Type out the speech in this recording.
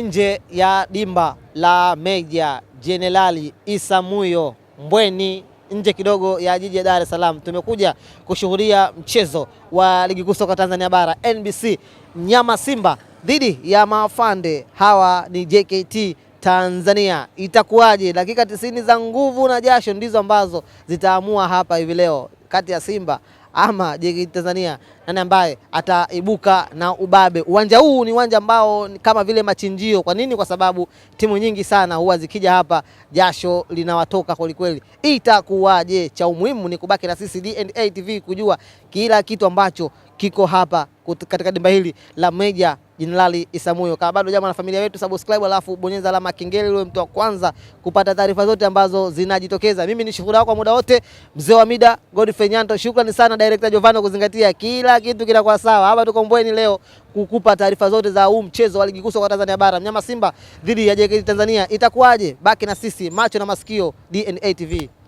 Nje ya dimba la Meja Jenerali Isa Muyo Mbweni, nje kidogo ya jiji la Dar es Salaam, tumekuja kushuhudia mchezo wa ligi kuu soka Tanzania bara NBC, mnyama Simba dhidi ya mafande hawa ni JKT Tanzania. Itakuwaje? Dakika tisini za nguvu na jasho ndizo ambazo zitaamua hapa hivi leo kati ya Simba ama JKT Tanzania nani ambaye ataibuka na ubabe. Uwanja huu ni uwanja ambao kama vile machinjio. Kwa nini? Kwa sababu timu nyingi sana huwa zikija hapa jasho linawatoka kwelikweli. Itakuwaje? Cha umuhimu ni kubaki na sisi D&A TV kujua kila kitu ambacho kiko hapa katika dimba hili la Meja Jenerali Isamuyo. Kama bado jamaa na familia wetu, subscribe alafu bonyeza alama kengele, uwe mtu wa kwanza kupata taarifa zote ambazo zinajitokeza. Mimi ni shukrani kwa muda wote, mzee wa mida Godfrey Nyanto. Shukrani sana director Giovanni kuzingatia kila kitu kinakuwa sawa. Hapa tuko Mbweni leo kukupa taarifa zote za huu mchezo wa ligi kuu kwa Tanzania bara, mnyama Simba dhidi ya JKT Tanzania. Itakuwaje? Baki na sisi, macho na masikio, DNA TV.